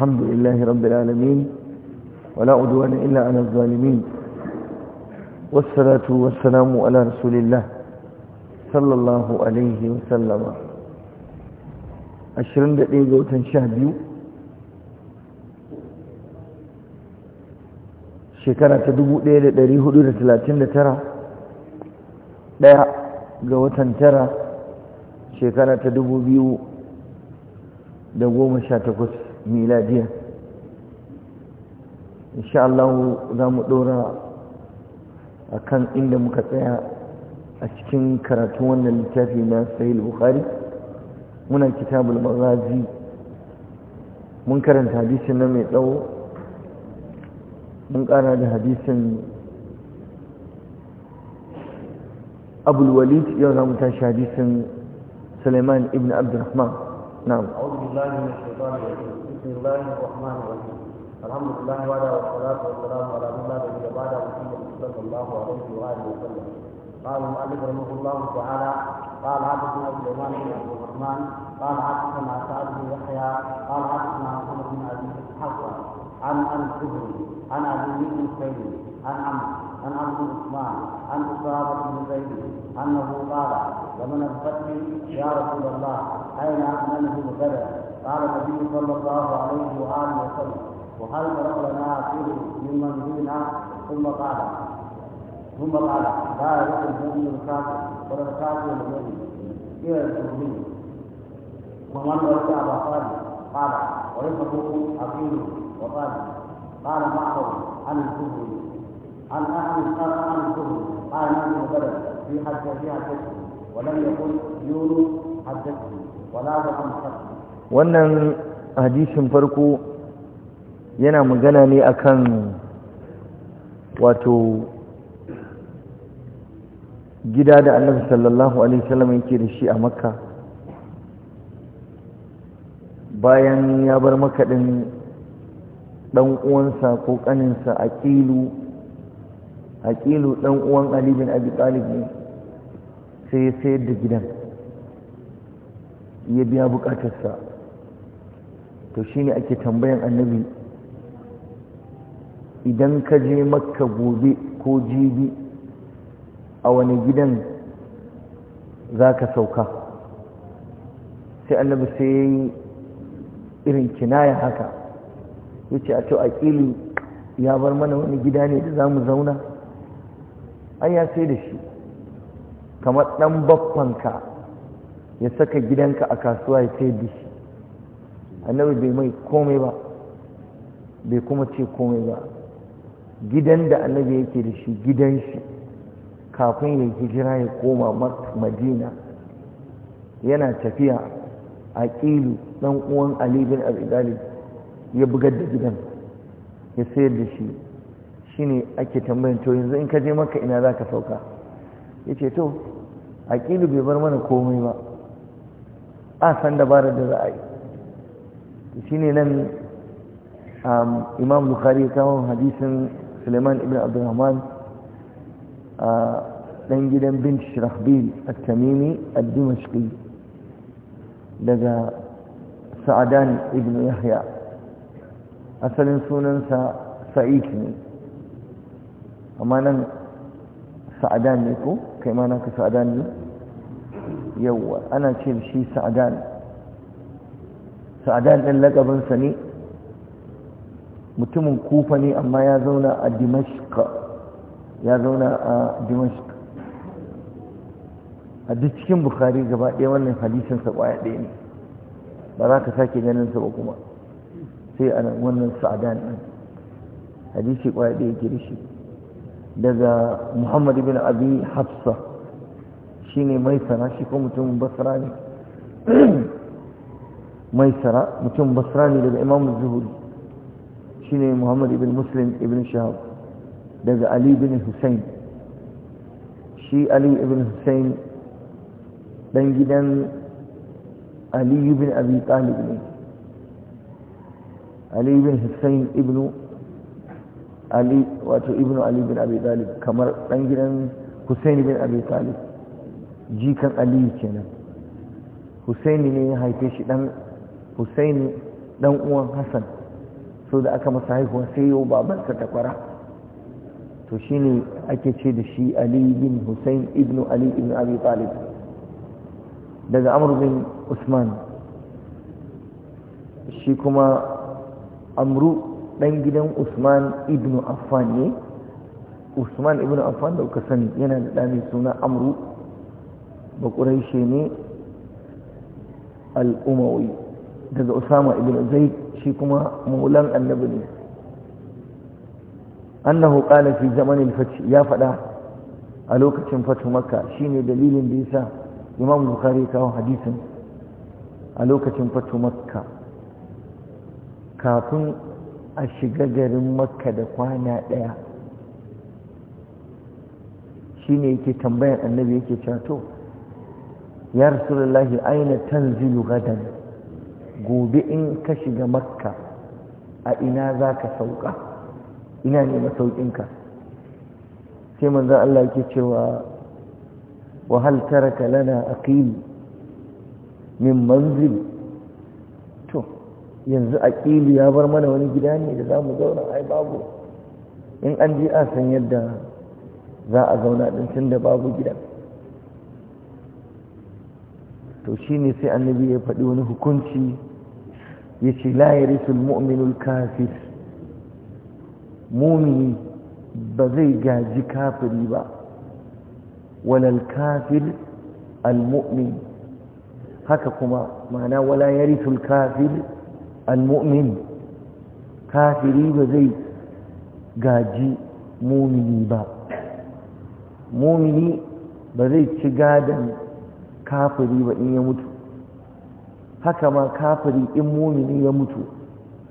الحمد لله رب العالمين ولا عدوان إلا على الظالمين والصلاة والسلام على رسول الله صلى الله عليه وسلم عشرين دقيقة وتنشهديو shekara ta dubu ɗaya da da da ɗari talatin tara, ɗaya ga watan tara shekara ta dubu biyu da goma sha takwas. miladiya insha Allah za mu ɗora a kan inda muka tsaya a cikin karatun wannan littafi na sahil bukhari muna kitabul magazi mun karanta hadisin na mai tsawo mun ƙara da hadisin abulwalid yau za mu tashi hadisin suleiman ibn abdurrahman na'am بسم الله الرحمن الرحيم الحمد لله وعلى والصلاة والسلام على من لا نبي بعد محمد صلى الله عليه وآله وسلم قال المؤلف رحمه الله تعالى قال حدثنا سليمان بن عبد الرحمن قال حدثنا سعد بن يحيى قال حدثنا محمد بن ابي حفصه عن عن الزهري عن ابي بن سعيد عن عمرو عن عمرو بن عثمان عن اسامه بن زيد انه قال لمن الفتح يا رسول الله اين من هو بدر قال النبي صلى الله عليه واله وسلم وهل ترك لنا فيه من منزلنا ثم قال ثم قال لا يقل المؤمن الكافر ولا الكافر المؤمن الى المؤمن ومن ولد ابا قال ويفقه عقيل وقال قال معه عن الكفر عن اهل قال عن الكفر قال نعم وبدل في حجه في حجته ولم يقل يونس حجته ولا بقى الحج wannan hadisin farko yana magana ne akan wato gida da annabi sallallahu alaihi wasallam yake da shi a makka bayan ya bar makaɗin ɗan uwansa ko ƙaninsa a ƙilu ɗan uwan ali bin sai ya sayar da gidan ya biya buƙatarsa to shi shine ake tambayan annabi idan ka je makka gobe ko jibi a wani gidan za ka sauka sai annabi sai ya yi irin kinaya haka ya ce a to aƙili ya bar mana wani gida ne da za mu zauna an ya sai da shi kamar ɗan baffanka ya saka gidanka a kasuwa ya sai da shi annabi bai mai komai ba bai kuma ce komai ba gidan da annabi yake da shi gidan shi kafin ya hijira ya koma madina yana tafiya a ƙilu ɗan uwan ali bin abi ya bugar da gidan ya sayar da shi shine ake tambayin to yanzu in ka je maka ina za ka sauka yace ce to a ƙilu bai bar mana komai ba a san dabarar da za a yi shine nan um, imam bukhari kawo hadisin suleiman ibn a ɗan uh, gidan bin shirahbil a tamimi a daga sa'adan ibn yahya asalin sunansa sa'id ne amma nan sa'adan ne ko kai ma ka sa'adan ne yawwa ana ce shi sa'adan sa'adan ɗin lagabinsa ne mutumin kufa ne amma ya zauna a dimashq ya zauna a dimashq a duk cikin bukari gaba ɗaya wannan hadisinsa ƙwaya ɗaya ne ba za ka sake ganin ba kuma sai a wannan sa'adan ɗin hadisi ƙwaya ɗaya ke shi daga muhammad bin abi hafsa ne mai sana shi ko mutumin basra ne maisara mutum basra daga imam zuhuri shine muhammad ibn muslim ibn shahab daga ali ibn hussein shi ali ibn hussein dan gidan ali ibn abi talib ne ali ibn hussein ibn ali wato ibn ali ibn abi talib kamar dan gidan hussein ibn abi talib jikan ali kenan Hussein ne ya haife shi dan husaini dan uwan hassan so da aka masa haihuwa sai yau babansa ta kwara to shine ake ce da shi ali bin husain ibn ali ibn abi talib daga amr bin usman shi kuma amru dan gidan usman ibn affan ne usman ibn affan da kuka sani yana da ɗani suna amru ba ne al-umawi daga usama ibn zaid shi kuma mulan annabi ne annahu qala fi zamanin fath ya faɗa a lokacin fatu makka shine dalilin da yasa imam bukhari kawo hadisin a lokacin fatu makka kafin a shiga garin makka da kwana daya shine yake tambayar annabi yake cewa to ya rasulullahi aina tanzilu gadan gobe in ka shiga makka a ina za ka sauka ina ne masaukinka sai manzan Allah ke cewa wahal taraka lana aqil min manzil to yanzu aqilu ya bar mana wani gida ne da za mu zauna ai babu in an ji a san yadda za a zauna din tun da babu gida to shine ne sai annabi ya faɗi wani hukunci yace la yarisul mu'minul kafir mumini ba zai gaji kafiri ba walal kafir al-mu'min haka kuma ma'ana wala yarisul kafir al-mu'min kafiri ba zai gaji mumini ba mumini ba zai ci gadon kafiri ba in ya mutu haka ma kafiri in mumini ya mutu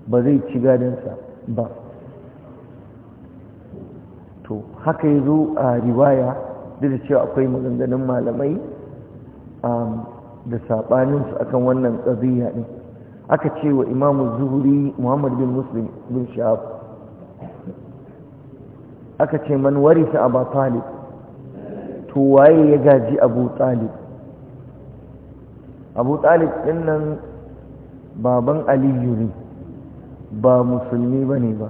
ba zai ci gadinsa ba to haka ya zo a riwaya duk da cewa akwai maganganun malamai um, da saɓaninsu akan wannan ƙaziyya ɗin aka ce wa imamu zuhuri muhammad bin muslim bin shahab aka ce man warisa abu talib to waye ya gaji abu talib abu talib ɗin nan baban aliyu ne ba musulmi ba ne ba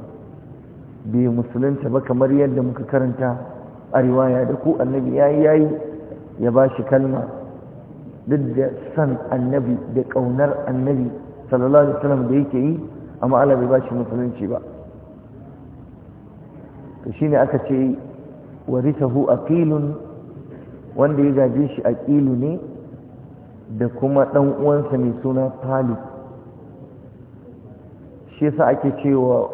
bai musulunta ba kamar yadda muka karanta a riwaya da ku annabi ya yayi ya ba shi kalma duk da san annabi da ƙaunar annabi sallallahu alaihi wasallam da yake yi amma Allah bai ba shi musulunci ba to shine aka ce warithahu aqilun wanda ya gaje shi aqilu ne da kuma ɗan uwansa mai suna talib shi yasa ake cewa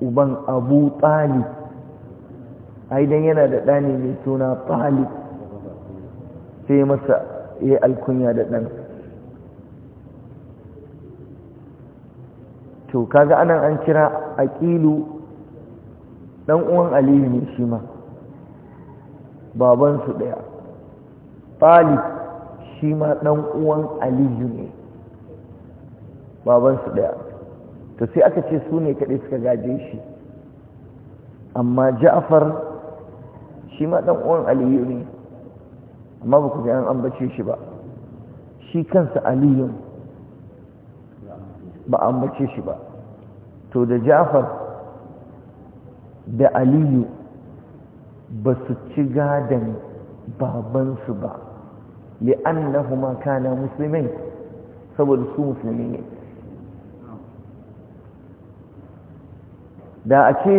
uban abu talib ai dan yana da ɗani mai suna talib sai masa ya alkunya da ɗan to kaga anan an kira aqilu ɗan uwan aliyu ne shi ma babansu ɗaya talib shi ma ɗan uwan aliyu ne babansu ɗaya to sai aka ce su ne kaɗai suka gaje shi amma ja'far shi ma ɗan uwan aliyu ne amma ba ku ga an ambace shi ba shi kansa aliyun ba ambace shi ba to da ja'far da aliyu ba su ci gadon babansu ba li'annahuma kana muslimin saboda su musulmi ne da a ce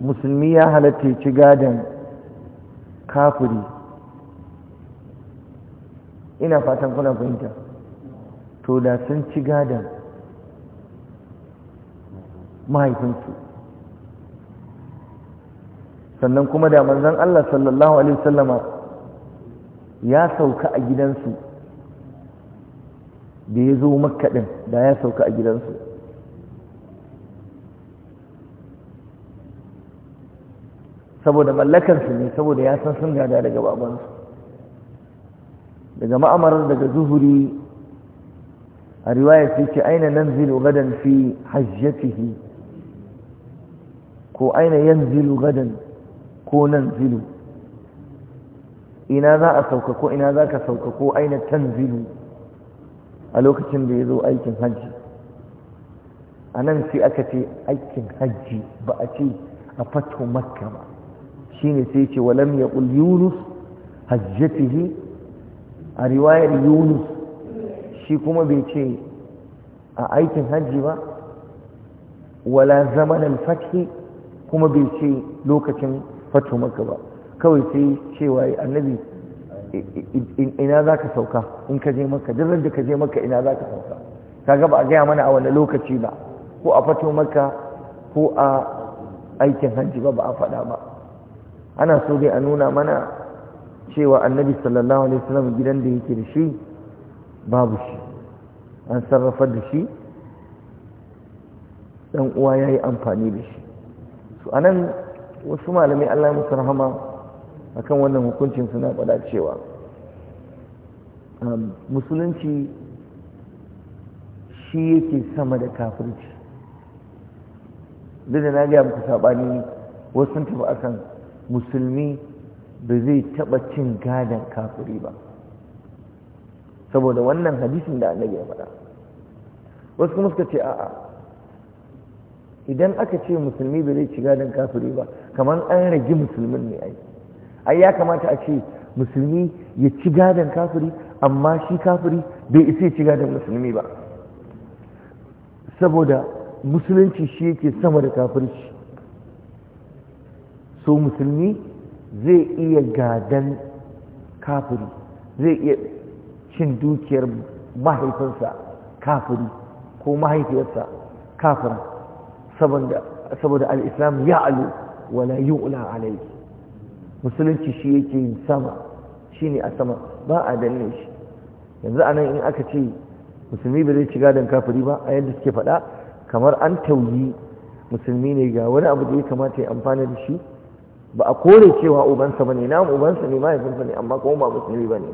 musulmi ya halatta ci gadon kafiri ina fatan kuna fahimta to da sun ci gadon mahaifinsu sannan kuma da manzan Allah sallallahu Alaihi wasallama ya sauka a gidansu da ya zo makaɗin da ya sauka a gidansu saboda mallakarsu ne saboda ya san sun gada daga babansu daga ma'amarar daga zuhuri a riwayar sai ce aina nan zilu gadan fi hajjatihi ko aina yan zilu gadan ko nan zilu ina za a saukako ina za ka saukako aina tanzilu a lokacin da ya zo aikin hajji a nan sai aka ce aikin hajji ba a ce a fatu makka ba shi ne sai ce walam ya ƙul yunus hajjatihi a riwayar yunus shi kuma bai ce a aikin hajji ba wala zamanin alfathi kuma bai ce lokacin fatu makka ba kawai sai cewa yi annabi ina za ka sauka in ka je maka jirar da ka je maka ina za ka sauka ta ba a gaya mana a wani lokaci ba ko a fato maka ko a aikin hajji ba ba a faɗa ba ana so dai a nuna mana cewa annabi sallallahu alaihi wasallam gidan da yake da shi babu shi an sarrafa da shi dan uwa yayi amfani da shi so anan wasu malamai Allah ya musu rahama akan wannan hukuncin suna faɗa cewa um, musulunci shi yake sama da kafirci duk da na gaya muku saɓani wasu sun tafi akan musulmi ba zai taɓa cin gadon kafiri ba saboda wannan hadisin da annabi ya faɗa wasu kuma suka ce a'a idan aka ce musulmi ba zai ci gadon kafiri ba kamar an ragi musulmin ne aiki. ai ya kamata a ce musulmi ya ci gadon kafiri amma shi kafiri bai isa ya ci gadon musulmi ba saboda musulunci shi yake sama da kafirci so musulmi zai iya gadan kafiri zai iya cin dukiyar mahaifinsa kafiri ko mahaifiyarsa kafira saboda islam ya alu wala yi ula musulunci shi yake yi sama shi ne a sama ba a danne shi yanzu a nan in aka ce musulmi ba zai ci gadon kafiri ba a yadda suke faɗa kamar an tauyi musulmi ne ga wani abu da ya kamata ya amfana da shi ba a kore cewa ubansa ba ne na ubansa ne mahaifinsa ne amma kuma ba musulmi ba ne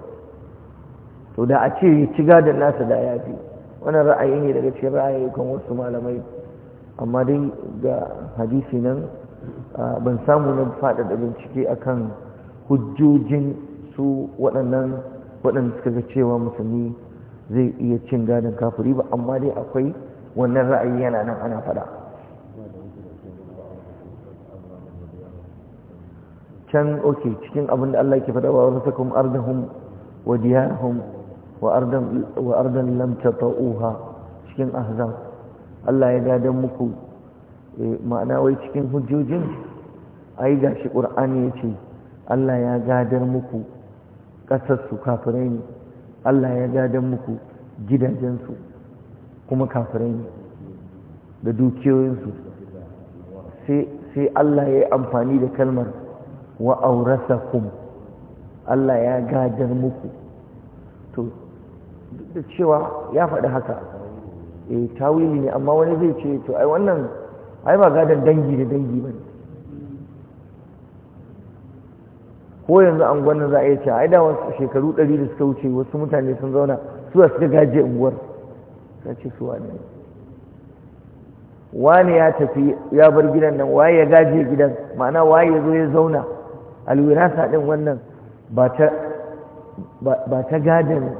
to da a ce ci gadon nasa da ya fi wannan ra'ayi ne daga cikin ra'ayi kan wasu malamai amma dai ga hadisi nan ban samu na faɗaɗa bincike akan hujjojin su waɗannan waɗanda suka ga cewa musulmi zai iya cin gadon kafuri ba amma dai akwai wannan ra'ayi yana nan ana faɗa can ok cikin abin da Allah ke faɗa wa wasu kuma ardahum wa diyarhum wa ardan lamta ta'uha cikin ahzab Allah ya gadon muku ma'ana wai cikin hujjojin ai ga shi ƙur'ani ya ce Allah ya gadar muku ƙasarsu kafirai ne Allah ya gadar muku gidajensu kuma kafirai ne da dukiyoyinsu sai Allah ya yi amfani da kalmar wa kum Allah ya gadar muku to da cewa ya faɗi haka eh tawili ne amma wani zai ce to ai wannan ai ba gadon dangi da dangi ba ne ko yanzu an gwanin za a iya ce ai da wasu shekaru ɗari da suka wuce wasu mutane sun zauna su suwa suka gaje unguwar ta ce su wani wani ya tafi ya bar gidan nan waye ya gaje gidan ma'ana waye ya zo ya zauna alwira ɗin wannan ba ta gadon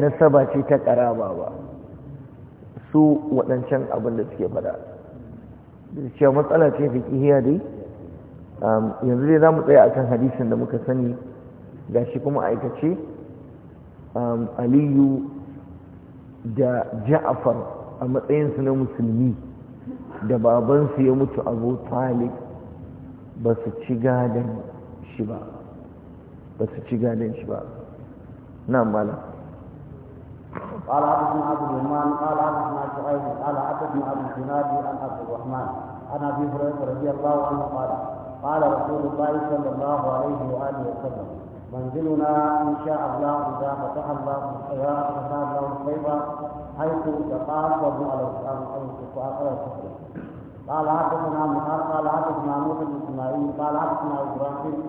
nasaba ce ta karaba ba su waɗancan abin da suke faɗa cewa matsala ce fiƙihiya dai yanzu dai za mu tsaya akan hadisin da muka sani ga shi kuma aikace aliyu da ja'afar a matsayinsu na musulmi da babansu ya mutu abu talib ba su ci gadon shi ba ba na malam قال حدثنا عبد الرحمن قال حدثنا شعيب قال حدثنا عبد الجنادي عن عبد الرحمن عن ابي هريره رضي الله عنه قال قال رسول الله صلى الله عليه واله وسلم منزلنا ان شاء الله اذا فتح الله اذا فتح الله الصيف حيث تقاطب على على الكفر قال حدثنا مقال قال حدثنا موسى بن اسماعيل قال حدثنا ابراهيم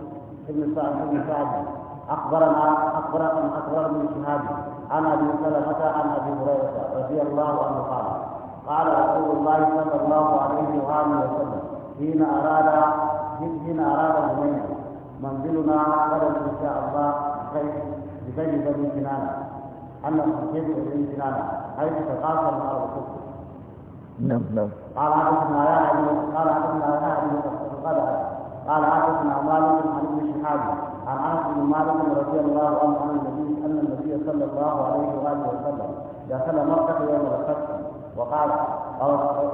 بن سعد بن سعد اخبرنا اخبرنا اخبرنا من شهاب عن ابي سلمه عن ابي هريره رضي الله عنه قال قال رسول الله صلى الله عليه واله وسلم حين اراد حين اراد هنين منزلنا غدا ان شاء الله بغير بني كنانه ان المسجد بني كنانه حيث تقاسم الارض كله نعم نعم قال حدثنا يا علي قال حدثنا يا علي قال قال حدثنا مالك عن ابن شهاب عن عاصم بن مالك رضي الله عنه عن النبي ان النبي صلى الله عليه واله وسلم دخل مكه يوم الفتح وقال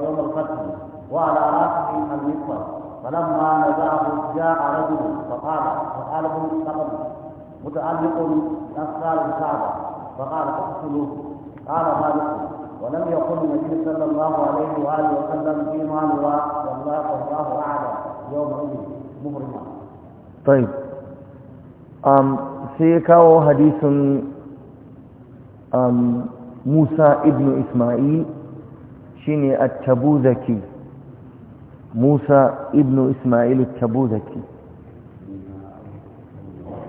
يوم الفتح وعلى راسه المقبل فلما نزعه جاء رجل فقال فقال ابن الثقب متعلق باسرار الكعبه فقال اقتلوه قال مالك ولم يقل النبي صلى الله عليه واله وسلم فيما الله والله والله اعلم يومئذ muhurma sai kawo hadisin Musa ibn Ismail shine at-Tabuzaki Musa ibn Ismail tabuzaki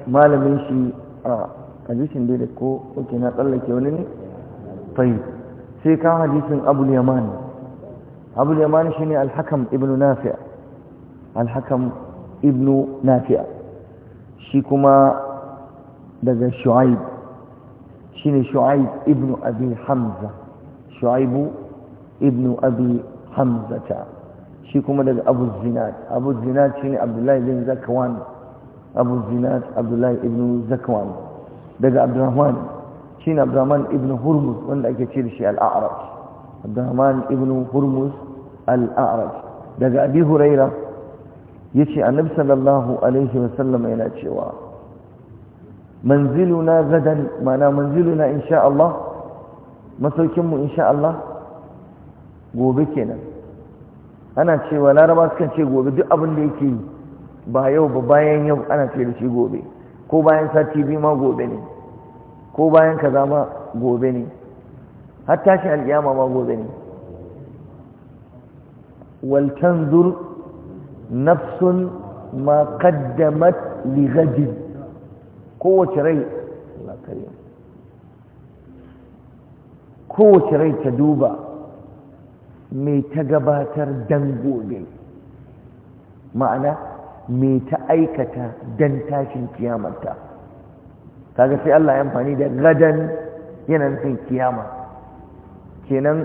malamin shi a hadisin da ko oke na tsallake wani ne tayyib sai kawo hadisin Abu Yaman Abu Yaman shine al-Hakam ibn Nafi' al ibnu nafi'a shi kuma daga shu'aib shine shu'aib ibnu abi hamza shu'aibu ibnu abi Hamza ta shi kuma daga abu zinat abu zinat shine abdullahi bin zakwan abu zinat abdullahi ibnu zakwan daga abdurrahman shine abdurrahman ibnu hurmuz wanda ake ce da shi al-a'raj abdurrahman ibnu hurmuz al-a'raj daga abi huraira Ya yace annabi sallallahu alaihi wasallama yana cewa manziluna gadan mana manziluna sha Allah masaukinmu in sha Allah gobe kenan ana cewa laraba sukan ce gobe duk abin da yake ba yau ba bayan yau ana ce da shi gobe ko bayan sati biyu ma gobe ne ko bayan ka zama gobe ne har tashi alƙiyama ma gobe ne waltanzur. nafsun ma qaddamat li kowace rai ta duba mai ta gabatar dan gobe ma'ana mai ta aikata dan tashin kiyamarta kaga sai Allah ya amfani da gadan yana nufin kiyama kenan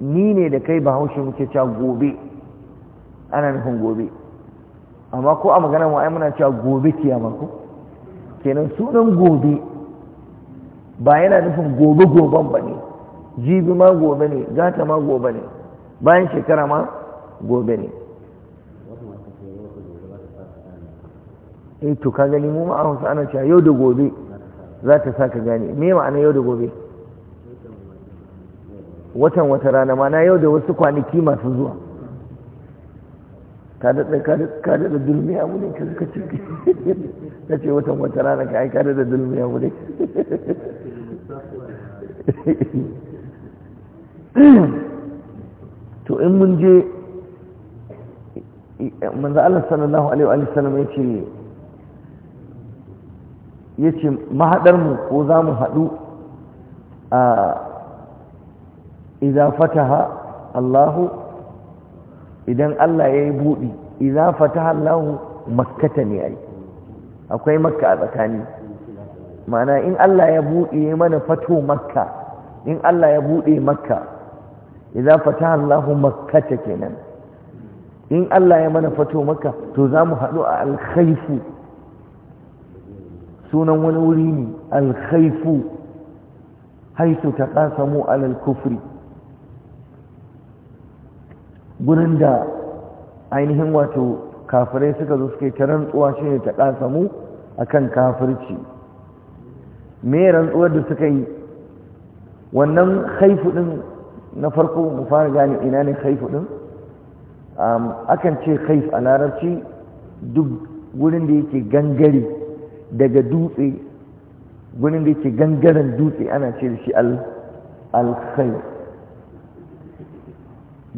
ni ne da kai bahaushe muke cewa gobe ana nufin gobe amma ko a magana mu ai muna cewa gobe kiyama ko kenan sunan gobe ba yana nufin gobe goben ba ne jibi ma gobe ne gata ma gobe ne bayan shekara ma gobe ne E to ka gani mu ma a hausa ana cewa yau da gobe za ta sa ka gane me ma'ana yau da gobe watan wata rana ma na yau da wasu kwanaki masu zuwa ka daɗa ka dulmiya mu ne ka suka ce ka ce watan wata rana ka ai ka daɗa dulmiya mu ne to in mun je manzo Allah sallallahu alaihi wa sallam yace yace mahadar mu ko za mu hadu a idza fataha Allahu idan Allah ya yi buɗi idza fataha Allahu makkata ne ai akwai makka a tsakani Mana in Allah ya buɗe mana fato makka in Allah ya buɗe makka idza fataha Allahu makkata kenan in Allah ya mana fato makka to za mu haɗu a alkhaifu sunan wani wuri ne alkhaifu haisu ta taqasamu alal kufri gurin da ainihin wato kafirai suka zo suke ta rantsuwa shine ta mu akan kafirci me rantsuwar da suka yi wannan haifu din na farko mu fara gane ina ne haifu din akan ce haif a larabci duk gurin da yake gangare daga dutse gurin da yake gangaren dutse ana ce da shi al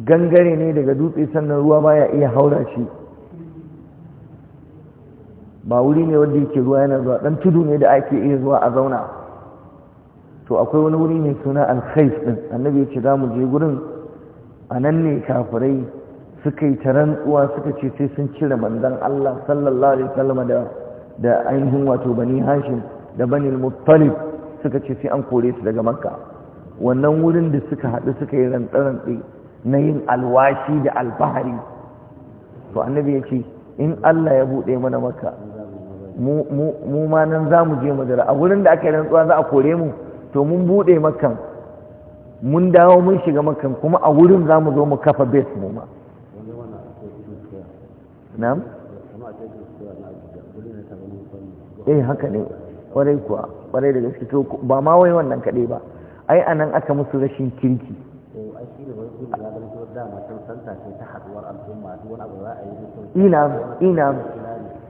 gangare ne daga dutse sannan ruwa baya iya haura shi ba wuri ne wanda yake ruwa yana zuwa dan tudu ne da ake iya zuwa a zauna to akwai wani wuri mai suna alkhais din annabi ya ce za mu je gurin a nan ne kafirai suka yi ta tsuwa suka ce sai sun cire manzon Allah sallallahu alaihi wasallam da da ainihin wato bani hashim da bani muttalib suka ce sai an kore su daga makka wannan wurin da suka haɗu suka yi rantsarantsi na yin alwashi da alfahari to annabi ya ce in Allah ya buɗe mana maka mu ma nan za mu je madara a wurin da aka yi rantsuwa za a kore mu to mun buɗe makan mun dawo mun shiga makan kuma a wurin za mu zo mu kafa bes mu ma na'am eh haka ne kwarai kuwa kwarai da gaske to ba ma wai wannan kaɗai ba ai anan aka musu rashin kirki ina ina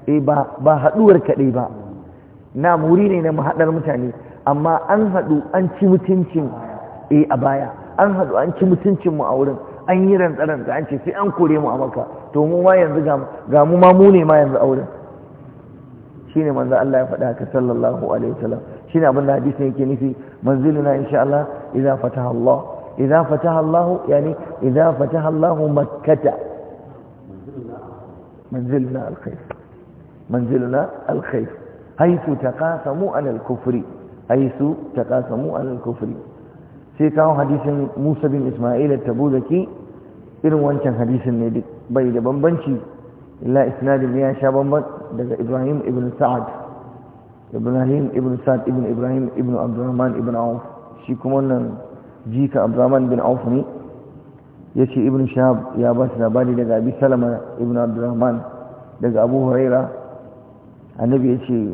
eh ba haɗuwar kaɗai ba na wuri ne na mahaɗar mutane amma an haɗu an ci mutuncin eh a baya an haɗu an ci mutuncin mu a wurin an yi rantsaranta an ce sai an kore mu a maka to mu ma yanzu ga mu ma mu ne ma yanzu a wurin Shi shine manzo Allah ya faɗa haka sallallahu alaihi wasallam shine abin da hadisi yake nufi manziluna insha Allah idza fataha Allah idza fataha Allah yani idza fataha Allah makkata منزلنا الخير منزلنا الخير حيث تقاسموا على الكفر حيث تقاسموا على الكفر سيكاو حديث موسى بن إسماعيل التبوذكي irin wancan hadisin ne duk bai da bambanci illa isnadin ya sha bamban daga Ibrahim ibn Sa'ad Ibrahim ibn Sa'ad ibn Ibrahim ibn Abdurrahman ibn Auf shi kuma wannan jika Abdurrahman ibn Auf ne ya ce ibn shahab ya ba shi labari daga abi salama ibn abdurrahman daga abu huraira annabi ya ce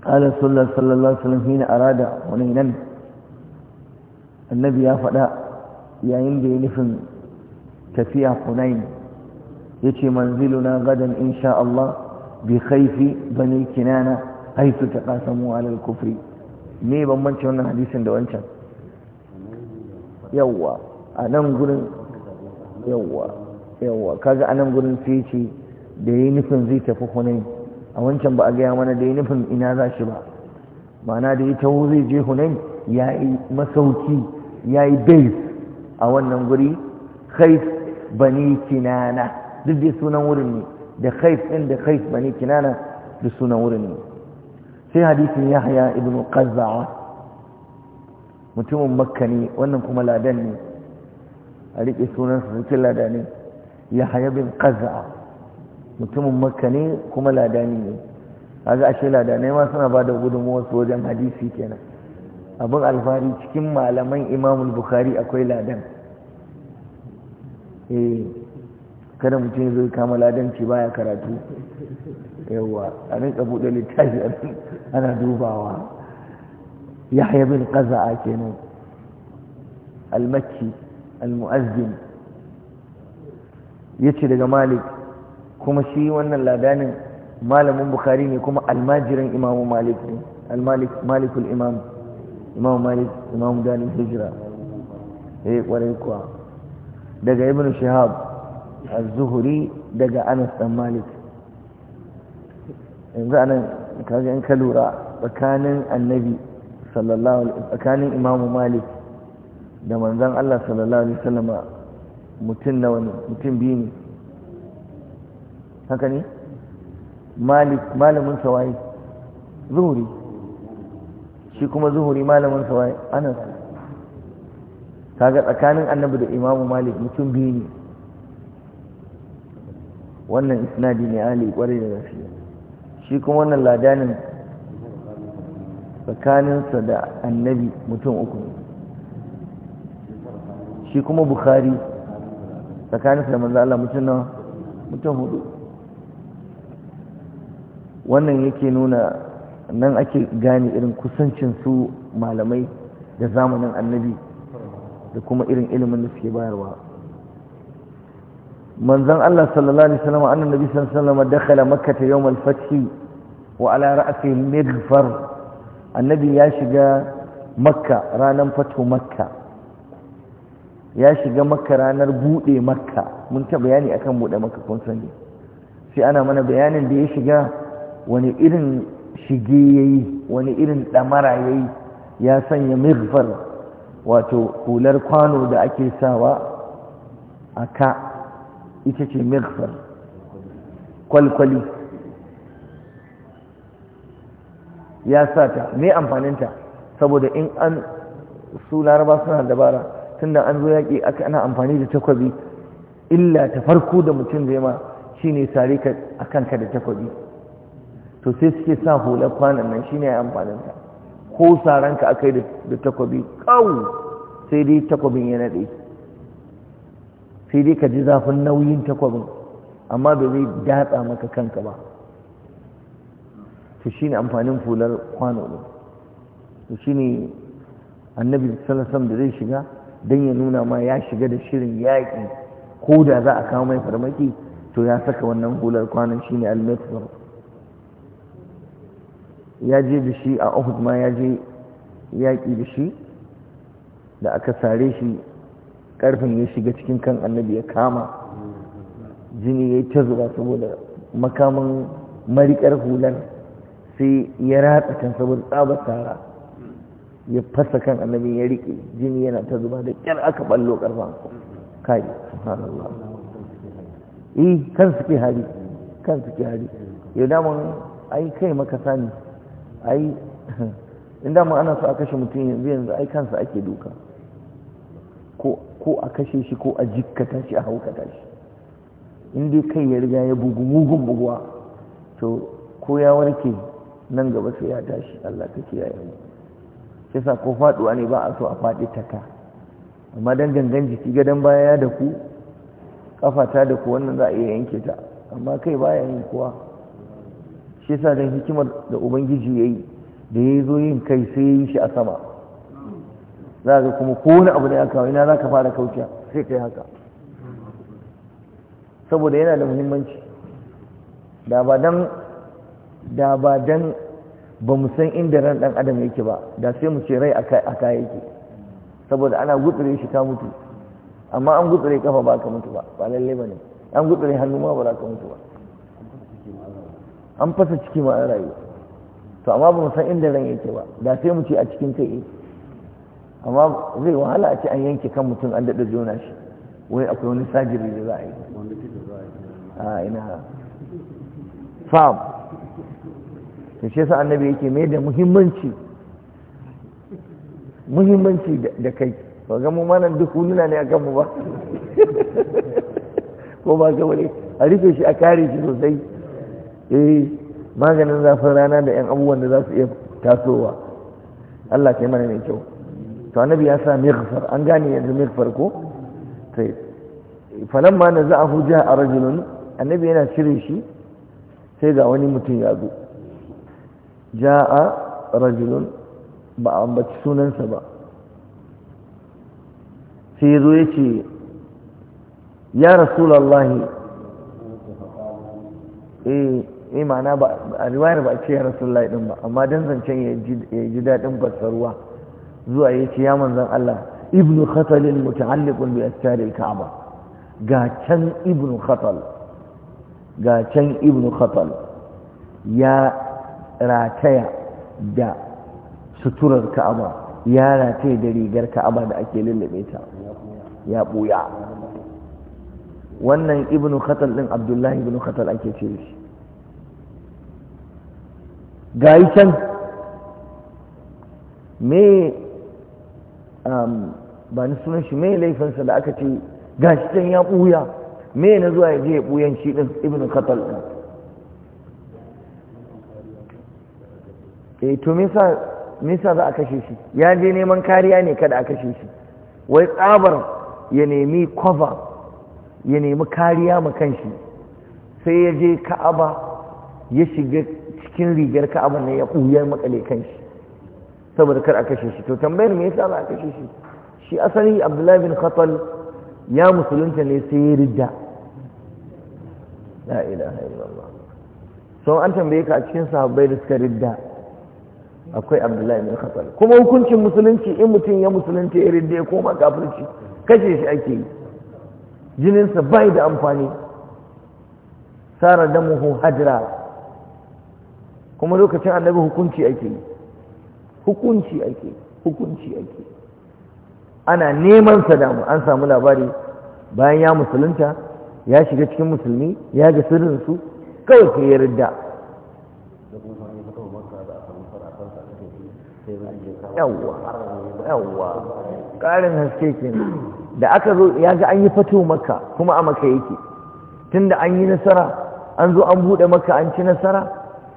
ƙalar sallar sallallahu alaihi hina arada wani nan annabi ya faɗa yayin da ya nufin tafiya hunain ya ce manziluna gadan insha Allah bi haifi bani kinana haitu ta kasamu alal kufri ne bambanci wannan hadisin da wancan yawwa a nan gurin yawwa yawwa kaga a nan gurin sai da ya nufin zai tafi hunain a wancan ba a gaya mana da ya nufin ina za shi ba ma'ana da ya taho zai je hunain ya yi masauki ya yi base a wannan guri haif bani kinana duk da sunan wurin ne da haif ɗin da haif bani kinana da sunan wurin ne sai hadisin yahya ibnu qazza'a mutumin makka ne wannan kuma ladan ne a riƙe sunansa ce ladani ya haya bin ƙaza mutumin makka ne kuma ladani ne a ga ashe ladanai ma suna ba da su wajen hadisi kenan abin alfahari cikin malaman imamul bukhari akwai ladan eh kada mutum zai kama ladanci baya karatu yawa a rinka buɗe littafi ana dubawa yahya bin qaza'a kenan al-makki المؤذن muazzin yace daga malik kuma shi wannan ladanin malamin bukhari ne kuma almajirin imamu malik ne almalik malikul imam imam malik imam dalil hijra eh kware kuwa daga ibn shihab az-zuhri daga anas dan malik yanzu anan kaga in ka lura tsakanin annabi sallallahu alaihi tsakanin imamu malik da manzan Allah sallallahu alaihi wasallama mutum na wani mutum biyu ne haka ne malamin sawaye zuhuri shi kuma zuhuri malamin sawaye anas kaga tsakanin annabi da imamu malik mutum biyu ne wannan isnadi ne ali kwarai da gaske shi kuma wannan ladanin tsakaninsa da annabi mutum uku ne shi kuma bukhari tsakanin da manzo Allah mutum nawa mutum hudu wannan yake nuna nan ake gane irin kusancin su malamai da zamanin annabi da kuma irin ilimin da suke bayarwa manzon Allah sallallahu alaihi wasallam annabi sallallahu alaihi wasallam dakhala makkah yawm al-fath wa ala ra'si mighfar annabi ya shiga makka ranan fatu makka ya shiga maka ranar buɗe maka, mun ta bayani akan buɗe maka kun sani sai ana mana bayanin da ya shiga wani irin shige yayi wani irin ɗamara ya yi ya sanya mirfar wato hular kwano da ake sawa a ka ita ce mirfar kwalkwali ya sa mai amfaninta saboda in an su laraba suna dabara tunda an zo yaƙi aka ana amfani da takwabi illa ta farko da mutum zai ma shine sare ka a kanka da takwabi to sai suke sa hular kwanan nan ne ya amfanin ta ko saranka aka yi da takwabi kawu sai dai takwabin ya naɗe sai dai ka ji zafin nauyin takwabin amma bai zai datsa maka kanka ba to shine amfanin hular kwano ne to shi ne annabi sallallahu alaihi wasallam da zai shiga don ya nuna ma ya shiga da shirin yaƙi ko da za a kawo mai farmaki to ya saka wannan hular kwanan shine al-mithr ya je da shi a ofis ma ya je yaƙi da shi da aka sare shi ƙarfin ya shiga cikin kan annabi ya kama jini ya yi ta zuba saboda makaman mariƙar hular sai ya ratsa kan saboda tsabar tara ya fasa kan annabi ya rike jini yana ta zuba da kyar aka ballo karfa kai subhanallah eh kan suke hari kan suke hari ya damun ai kai maka sani ai in damun ana so a kashe mutum yanzu yanzu ai kansa ake duka ko a kashe shi ko a jikkata shi a haukata shi in dai kai ya riga ya bugu mugun buguwa to ko ya warke nan gaba sai ya tashi Allah ka kiyaye mu shi sa ko faduwa ne ba a so a faɗi taka amma dan gangan jiki gadan baya ya da ku ta da ku wannan za a iya yanke ta amma kai baya yin kowa shi sa dan hikimar da ubangiji ya yi da ya zo yin kai sai ya yi shi a sama za ga kuma ko wani abu ne ya kawo ina za ka fara kauciya sai kai haka saboda yana da muhimmanci da ba da ba dan ba mu san inda ran ɗan adam yake ba da sai mu ce rai a ka yake saboda ana gutsure shi ka mutu amma an gutsure kafa ba ka mutu ba ba lalle ba ne an gutsure hannu ma ba za ka mutu ba an fasa ciki ma an rayu to amma ba mu san inda ran yake ba da sai mu ce a cikin kai amma zai wahala a ce an yanke kan mutum an daɗa jona shi wai akwai wani sajiri da za a yi a ina fam to shi yasa annabi yake mai da muhimmanci muhimmanci da kai ba ga mu manan duk hulina ne a mu ba ko ba ga wani a rufe shi a kare shi sosai eh maganin zafin rana da yan abubuwan da za su iya tasowa Allah yi mana mai kyau to annabi ya sa mighfar an gane yanzu mighfar ko sai a hujja a rajulun annabi yana cire shi sai ga wani mutum ya zo ja'a rajulun ba a ambaci sunansa ba sai ya zo ya ce ya rasulallahi eh ma'ana ba a riwayar ba a ce ya rasulallahi din ba amma dan zancen ya ji daɗin ruwa zuwa ya ce ya manzan Allah ibnu khatalin muta'alliqun bi astaril ka'aba ga can ibnu khatal ga can ibnu khatal ya rataya da suturar ka'aba ya rataya da rigar ka'aba da ake lullube ta ya buya wannan ibnu khatal din abdullahi ibnu khatal ake ce shi gayi can me um, ba ni sunan shi me laifinsa da aka ce gashi can ya buya me na zuwa ya je ya buyan shi din ibnu khatal din eh to me yasa za a kashe shi ya je neman kariya ne kada a kashe shi wai tsabar ya nemi kwafa ya nemi kariya ma kanshi sai ya je ka'aba ya shiga cikin rigar ka'aba ne ya ɓuyar makale kanshi saboda kar a kashe shi to tambayar me yasa za a kashe shi shi asali abdullahi bin khatal ya musulunta ne sai ya ridda la ilaha illallah sau an tambaye ka a cikin sahabbai da suka ridda akwai abdullahi mai khatal kuma hukuncin musulunci in mutum ya musulunci irin da ya koma kafirci kashe shi ake yi jininsa bai da amfani sara damuhu hajra kuma lokacin annabi hukunci ake yi hukunci ake hukunci ake ana neman sa damu an samu labari bayan ya musulunta ya shiga cikin musulmi ya ga sirrinsu kawai ka yi yawwa yawwa ƙarin haske ke da aka zo ya ga an yi fato maka kuma a maka yake tunda an yi nasara an zo an buɗe maka an ci nasara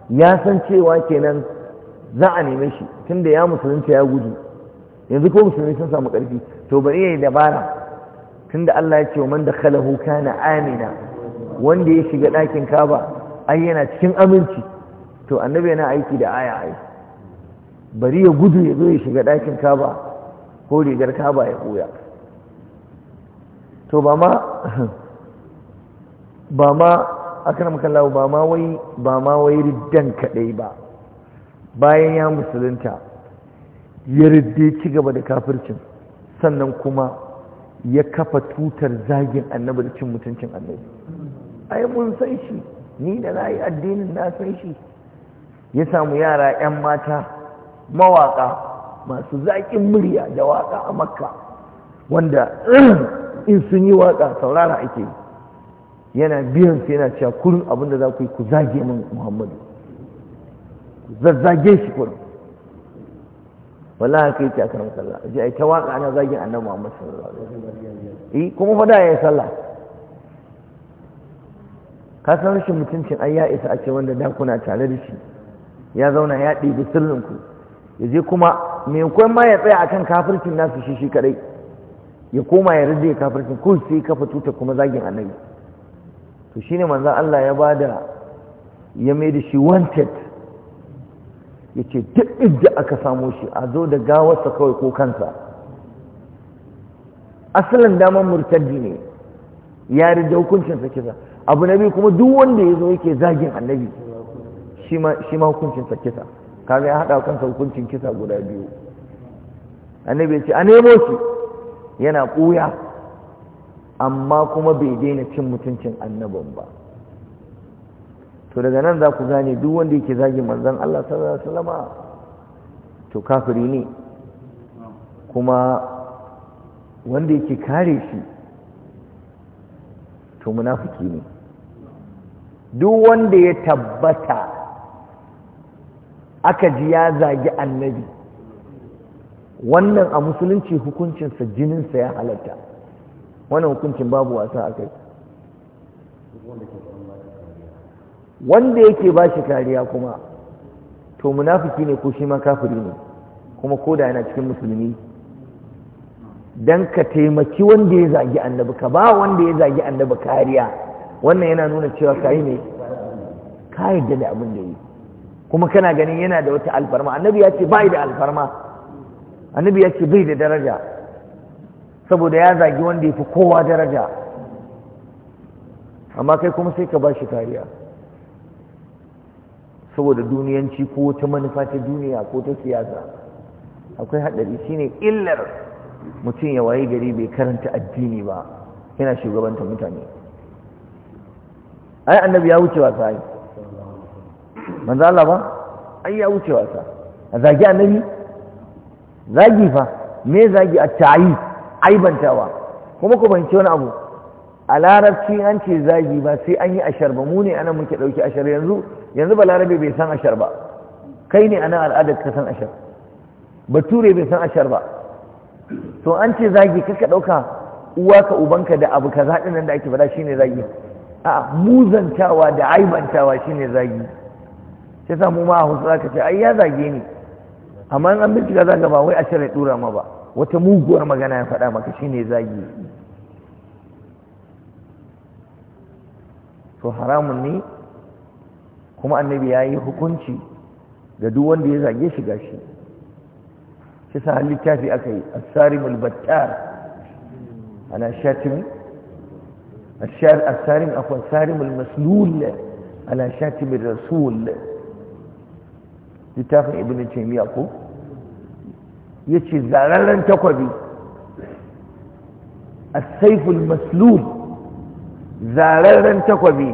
ya san cewa kenan za a neme shi tunda ya musulunta ya gudu yanzu ko musulunci sun samu ƙarfi to bari ya yi dabara tunda Allah ya ce wa man dakhalahu kana amina wanda ya shiga ɗakin kaba ai yana cikin aminci to annabi yana aiki da aya ai bari ya gudu ya zo ya shiga ɗakin kaba ko rigar kaba ya ɓuya to ba ma ba ma ba ma wai ba ma wai riddan kaɗai ba bayan ya musulunta ya ridde ci gaba da kafircin sannan kuma ya kafa tutar zagin annabi da cin mutuncin annabi ai mun san shi ni da na yi addinin na san shi ya samu yara 'yan mata mawaka masu zaƙin murya da waka a makka wanda in sun yi waka saurara ake yana biyan su yana cewa kurin abin da za ku yi ku zage min muhammadu zazzage shi kurin wallahi kai ta karam sallah je ai ta waka ana zagin annabi muhammad sallallahu alaihi wasallam eh kuma fa da yayin sallah ka san rashin mutuncin ai ya isa a ce wanda da kuna tare da shi ya zauna ya ɗibi sirrin ku ya je kuma mai kwan ma ya tsaya akan kafircin nasu shi shi kadai ya koma ya rage kafircin ko sai kafa tuta kuma zagin annabi to shine manzon Allah ya bada ya mai da shi wanted ya duk inda aka samo shi a zo da gawarsa kawai ko kansa asalin daman murtaji ne ya hukuncin sa kisa abu na biyu kuma duk wanda ya zo yake zagin annabi shi ma sa kisa kaga ya haɗa kansa hukuncin kisa guda biyu annabi ce a nemo shi yana ɓuya amma kuma bai daina cin mutuncin annaban ba to daga nan za ku gane duk wanda yake zagi manzan Allah sallallahu alaihi wasallama to kafiri ne kuma wanda yake kare shi to munafiki ne duk wanda ya tabbata aka ji ya zagi annabi wannan a musulunci hukuncinsa jininsa ya halatta wannan hukuncin babu wasa a kai wanda yake ba shi kariya kuma to munafiki ne ko shi ma kafiri ne kuma koda yana cikin musulmi don ka taimaki wanda ya zagi annabi ka ba wanda ya zagi annabi kariya wannan yana nuna cewa kayi ne ka yadda da abin da yi kuma kana ganin yana da wata alfarma annabi ya ce bai da alfarma annabi ya ce bai da daraja saboda ya zagi wanda ya fi kowa daraja amma kai kuma sai ka ba shi kariya saboda duniyanci ko ta manufa ta duniya ko ta siyasa akwai haɗari shine illar mutum ya waye gari bai karanta addini ba yana shugabanta mutane ai annabi ya wuce wasa manzo Allah ba ai ya wuce wasa a zagi annabi zagi fa me zagi a tayi aibantawa kuma ku bance wani abu a larabci an ce zagi ba sai an yi ashar ba mu ne anan muke dauki ashar yanzu yanzu ba larabe bai san ashar ba kai ne anan al'adar ka san ashar bature bai san ashar ba to an ce zagi kaka dauka uwa ka ubanka da abu kaza dinnan nan da ake fada shine zagi a'a muzantawa da aibantawa shine zagi sai sa mu ma a hausa zaka ce ai ya zage ni amma in an bincika zaka ba wai a cire dura ma ba wata muguwar magana ya faɗa maka shine zagi to haramun ne kuma annabi ya yi hukunci ga duk wanda ya zage shi gashi shi sa halin littafi aka yi asarimul battar ana a asarim akwai asarimul maslul ana shatimin rasul littafin ibn taymiya ko ce zararren takwabi a sayful maslul zararren takwabi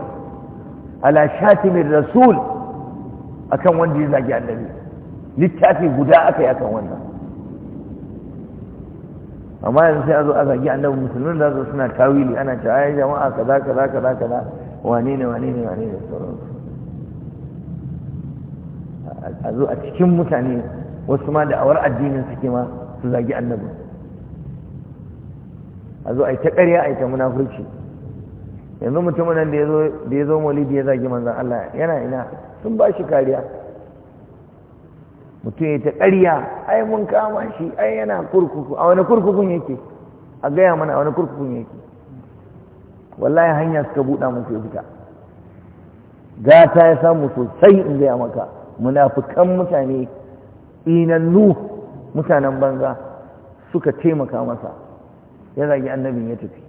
ala shatimin rasul akan wanda ya zagi annabi littafi guda aka yi akan wannan amma yanzu sai a zo a zagi annabi musulmin da zo suna tawili ana cewa ayi jama'a kaza kaza kaza kaza wane ne wane ne wane ne sauransu a zo a cikin mutane wasu ma da awar addinin suke ma su zagi annabi a zo a yi ta ƙarya a yi ta munafurci yanzu mutumin nan da ya zo maulidi ya zagi manzan Allah yana ina sun ba shi kariya mutum ya ta ƙarya ai mun kama shi ai yana kurkuku a wani kurkukun yake a gaya mana a wani kurkukun yake wallahi hanya suka buɗa musu ya fita gata ya samu sosai in gaya maka munafukan mutane inannu mutanen banza suka taimaka masa ya zagi annabin ya tafi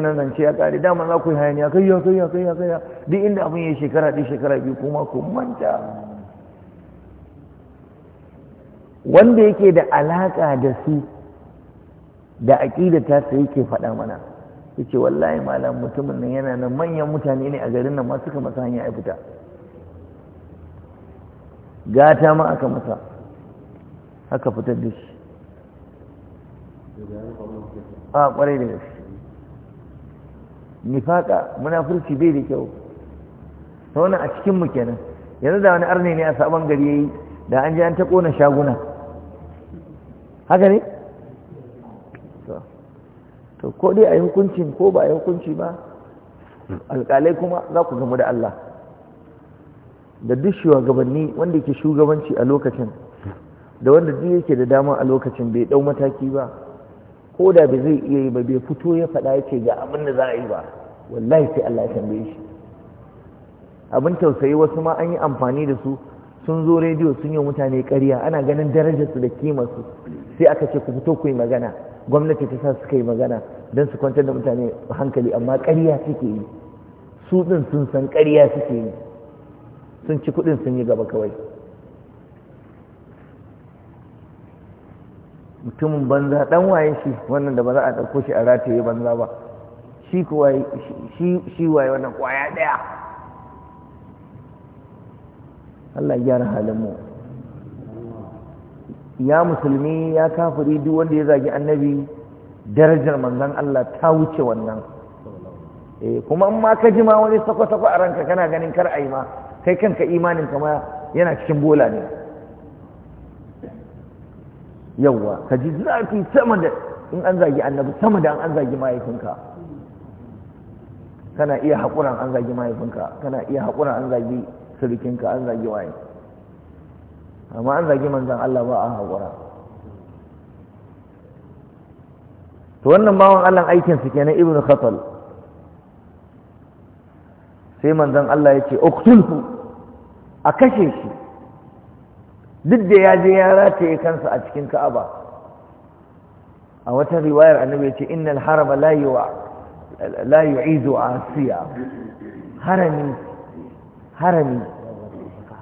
nan zance ya kare dama za ku yi hayaniya kai ya kai ya kai ya kai ya duk inda abin ya shekara ɗin shekara biyu kuma ku manta wanda yake da alaƙa da su da aƙida ta sai yake faɗa mana ce wallahi malam mutumin nan yana nan manyan mutane ne a garin nan ma suka masa hanya ya fita gata ma aka masa haka fitar da shi a kwarai da shi nifaka munafurci bai da kyau ta wani a mu kenan yanzu da wani arne ne a sabon gari yayi da an ji an ta kona shaguna haka ne to ko dai a hukuncin ko ba a hukunci ba alƙalai kuma za ku gamu da Allah da duk shugabanni wanda yake shugabanci a lokacin da wanda duk yake da dama a lokacin bai dau mataki ba ko da bai zai iya yi ba bai fito ya faɗa yake ga abin da za a yi ba wallahi sai Allah ya tambaye shi abin tausayi wasu ma an yi amfani da su sun zo rediyo sun yi mutane ƙarya ana ganin darajarsu da kimarsu sai aka ce ku fito ku yi magana gwamnati ta sa suka yi magana don su kwantar da mutane hankali amma ƙarya suke yi su ɗin sun san ƙarya suke yi sun ci kuɗin sun yi gaba kawai mutumin banza ɗan waye shi wannan da ba za a ɗauko shi a rataye banza ba shi kuwa shi waye wannan kwaya ɗaya Allah gyara halin mu ya musulmi ya kafiri duk wanda ya zagi annabi darajar manzon Allah ta wuce wannan eh kuma in ma ka ji ma wani sako-sako a ranka kana ganin kar ayi ma kai kanka imanin ma yana cikin bola ne yawa ka ji zafi sama da in an zagi annabi sama da an zagi mahaifinka kana iya haƙuran an zagi mahaifinka kana iya haƙuran an zagi surukinka an zagi waye amma an zagi manzan Allah ba a haƙura to wannan bawan Allah aikinsu kenan ibn khatal sai manzan Allah ya ce uktulhu a kashe shi duk da ya je ya rataye kansa a cikin ka'aba a wata riwayar annabi ya ce innal harama la la yu'izu asiya harami harami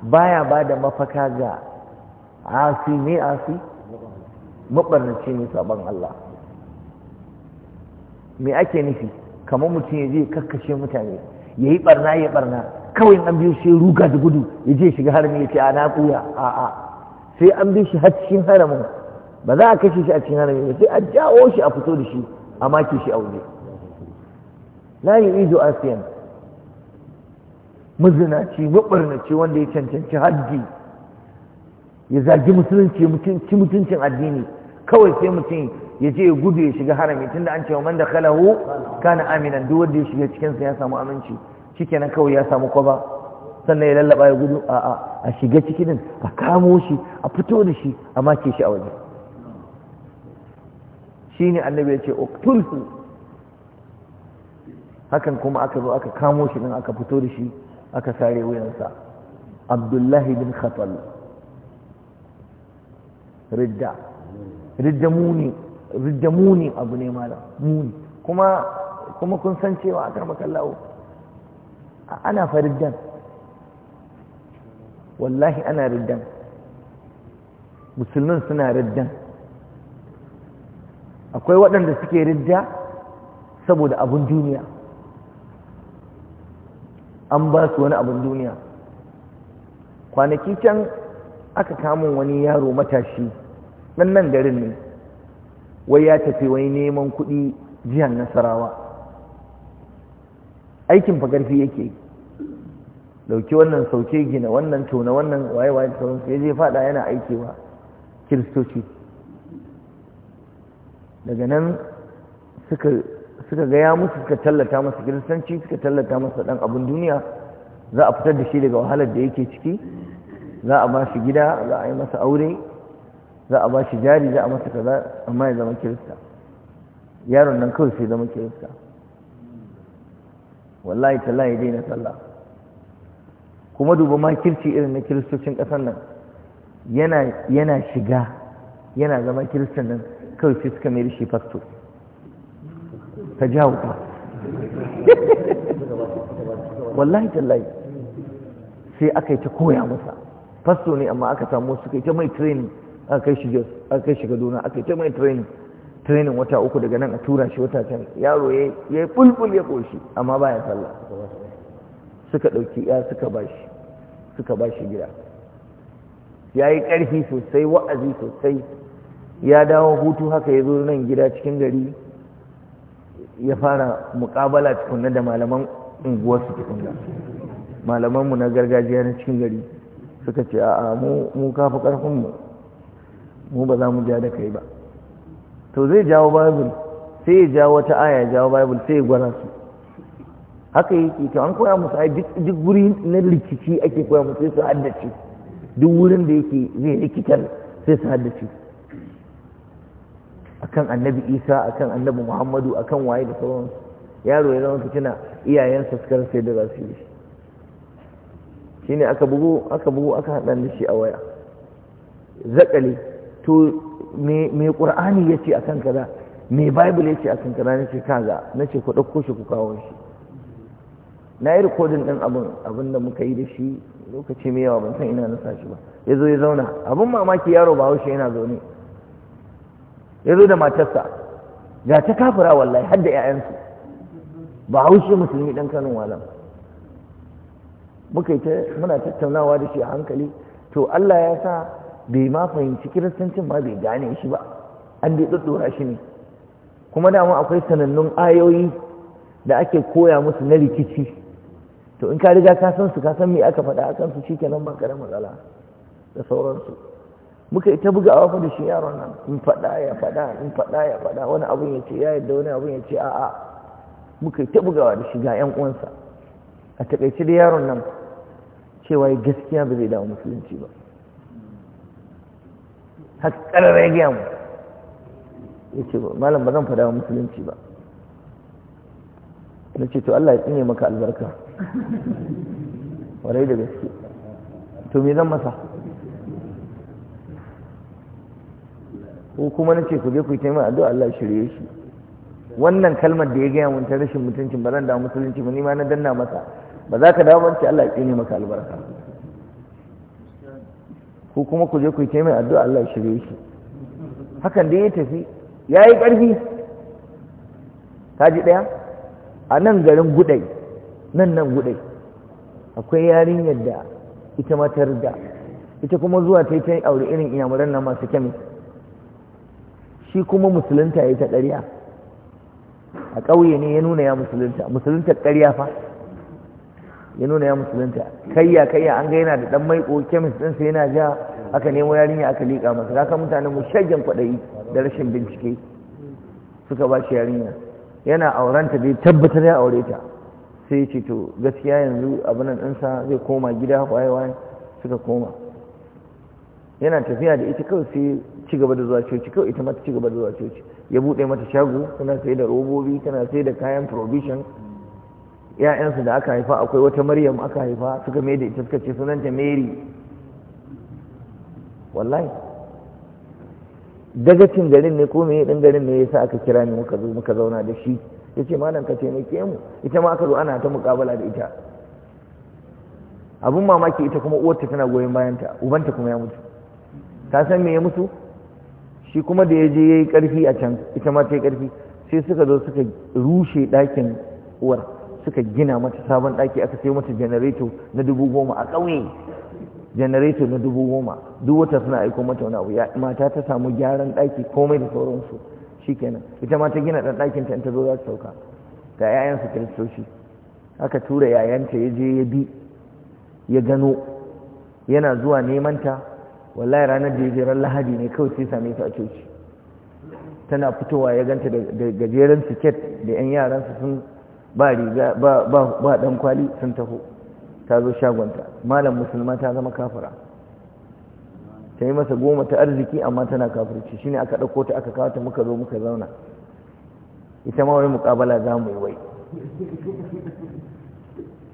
baya bada mafaka ga asi ne asi mabarnaci ne sabon Allah me ake nufi kamar mutum ya je kakkashe mutane ya yi barna ya barna kawai an biyo shi ruga da gudu ya je shiga harami ya ce a na kuya a a sai an bi shi har cikin haramin ba za a kashe shi a cikin haramin sai a jawo shi a fito da shi a make shi a waje la yu'idu asiyan mazinaci mabarnaci wanda ya cancanci hajji. ya zagi musulunci mutunci mutuncin addini kawai sai mutum ya je ya gudu ya shiga harami da an ce wa man dakhalahu kana aminan duk wanda ya shiga cikin sa ya samu aminci shikenan kawai ya samu kwaba sannan ya lallaba ya gudu a a a shiga cikin a kamo shi a fito da shi a make shi a waje shine annabi ya ce uqtulhu hakan kuma aka zo aka kamo shi din aka fito da shi aka sare wuyansa abdullahi bin khatal ridda ridda muni ridda muni abu ne malam muni kuma kuma kun san cewa a karmakallawo ana fa riddan wallahi ana riddan musulmin suna riddan akwai waɗanda suke ridda saboda abun duniya an ba su wani abun duniya kwanaki can aka kamun wani yaro matashi nan nan garin ne wai ya tafi wai neman kuɗi jihar nasarawa aikin fagarfi yake dauki wannan sauke gina wannan tona wannan waye-waye da sauransu ya je fada yana aikewa kiristoci daga nan suka gaya musu suka tallata masa kiristanci suka tallata masa dan abin duniya za a fitar da shi daga wahalar da yake ciki za a ba shi gida za a yi masa aure za a ba shi jari za a masa kaza amma ya zama kirista yaron nan kawai sai zama kirista wallahi tallahi dai na sallah kuma duba ma kirci irin na kiristocin ƙasar nan yana yana shiga yana zama kiristan nan kawai sai suka mai shi fasto ta jawo ba, wallahi tallahi sai aka yi ta koya masa fasto ne amma aka samu su kai ta mai training aka kai shi jos aka kai aka ta mai training training wata uku daga nan a tura shi wata can yaro ya yi bulbul ya koshi amma ba ya sallah suka ɗauki ya suka bashi suka shi gida ya yi ƙarfi sosai wa'azi sosai ya dawo hutu haka ya zo nan gida cikin gari ya fara muƙabala tukunna da malaman unguwarsu tukunna malamanmu na gargajiya na cikin gari suka ce a'a mu mu kafa karfin mu mu ba za mu ja da kai ba to zai jawo bible sai ya jawo wata aya jawo bible sai ya gwara su haka yake to an koya musu ai duk guri na rikici ake koya musu sai su haddace duk wurin da yake zai rikitar sai su haddace akan annabi isa akan annabi muhammadu akan waye da sauransu yaro ya zama fitina iyayensa suka rasa yadda za su yi Shin aka bugu aka bugu aka hada da shi a waya zakali to me me qur'ani yace akan kaza me bible yace akan kaza nace Na nace ku dauko shi ku kawo shi na yi rikodin ɗin abin abin da muka yi da shi lokaci mai yawa ban san ina nasa shi ba ya zo ya zauna abin mamaki yaro ba haushe yana zaune ya zo da matarsa ga ta kafura wallahi har da 'ya'yansu ba haushe musulmi ɗan kanin walam muka yi ta muna tattaunawa da shi a hankali to Allah ya sa bai ma fahimci kiristancin ma bai gane shi ba an dai ɗuɗɗura shi ne kuma dama akwai sanannun ayoyi da ake koya musu na rikici to in ka riga ka san su ka san me aka faɗa akan su kenan ba karamin matsala da sauransu muka ita buga a wafa da shi yaron nan in faɗa ya faɗa in faɗa ya faɗa wani abun ya ce ya yadda wani abun ya ce a'a muka ita bugawa da shi ga 'yan uwansa a taƙaice da yaron nan cewa gaskiya ba zai dawo musulunci ba haƙƙarar ya gaya mu ya ce malam ba zan fada wa musulunci ba na ce to Allah ya tsine maka albarka warai da gaske to me zan masa ko kuma na ce ku je ku yi taimaka addu'a Allah shirye shi wannan kalmar da ya gaya mun ta rashin mutuncin ba zan da musulunci ba ni ma na danna masa ba za ka dawo banci Allah ya tsine maka albarka ko kuma ku je ku yi mai addu'a Allah ya shirye shi hakan dai ya tafi ya yi ƙarfi ta ji ɗaya a nan garin gudai nan nan gudai akwai yarinyar da ita matar da ita kuma zuwa ta yi ta aure irin iyamuran nan masu kyamis shi kuma musulunta ya ta ƙarya a ƙauye ne ya nuna ya musulunta musulunta ƙarya fa ya nuna ya musulunta kayya kayya an ga yana da dan maiƙo kemis din sai yana ja aka nemo yarinya aka liƙa masa kaga mutanen mu shaggen kwaɗayi da rashin bincike suka ba shi yarinya yana aurenta bai tabbatar ya aure ta sai ce to gaskiya yanzu nan ɗinsa zai koma gida waye-waye suka koma yana tafiya da ita kawai sai ci gaba da zuwa coci kawai ita mata ci gaba da zuwa coci ya buɗe mata shago tana sai da robobi tana sai da kayan provision ‘ya'yansu da aka haifa akwai wata maryam aka haifa suka mai da ita suka ce sunanta mary wallahi dagacin garin ne ko mai ɗin garin ne ya sa aka kira ni muka zo muka zauna da shi ya ce malam ka taimake mu ita ma aka zo ana ta mukabala da ita abun mamaki ita kuma uwarta tana goyon bayanta ubanta kuma ya mutu ta san me ya mutu shi kuma da ya je ya yi ƙarfi a can ita ma ta yi ƙarfi sai suka zo suka rushe ɗakin uwar suka gina mata sabon ɗaki aka sai mata janareto na dubu goma a ƙauye janareto na dubu goma duk wata suna aiko mata wani abu mata ta samu gyaran ɗaki komai da sauransu shikenan ita ma ta gina ɗan ɗakin ta in ta zo za ta sauka ga 'ya'yansu kiristoci aka tura yayanta ya je ya bi ya gano yana zuwa neman ta wallahi ranar da ya je ran lahadi ne kawai sai same ta a coci tana fitowa ya ganta da gajeren siket da 'yan yaransu sun ba riga ba ba dan kwali sun taho ta zo shagonta malam musulma ta zama kafira ta yi masa goma ta arziki amma tana kafirci ne aka ɗauko ta aka kawo ta muka zo muka zauna ita ma wani mukabala za mu yi wai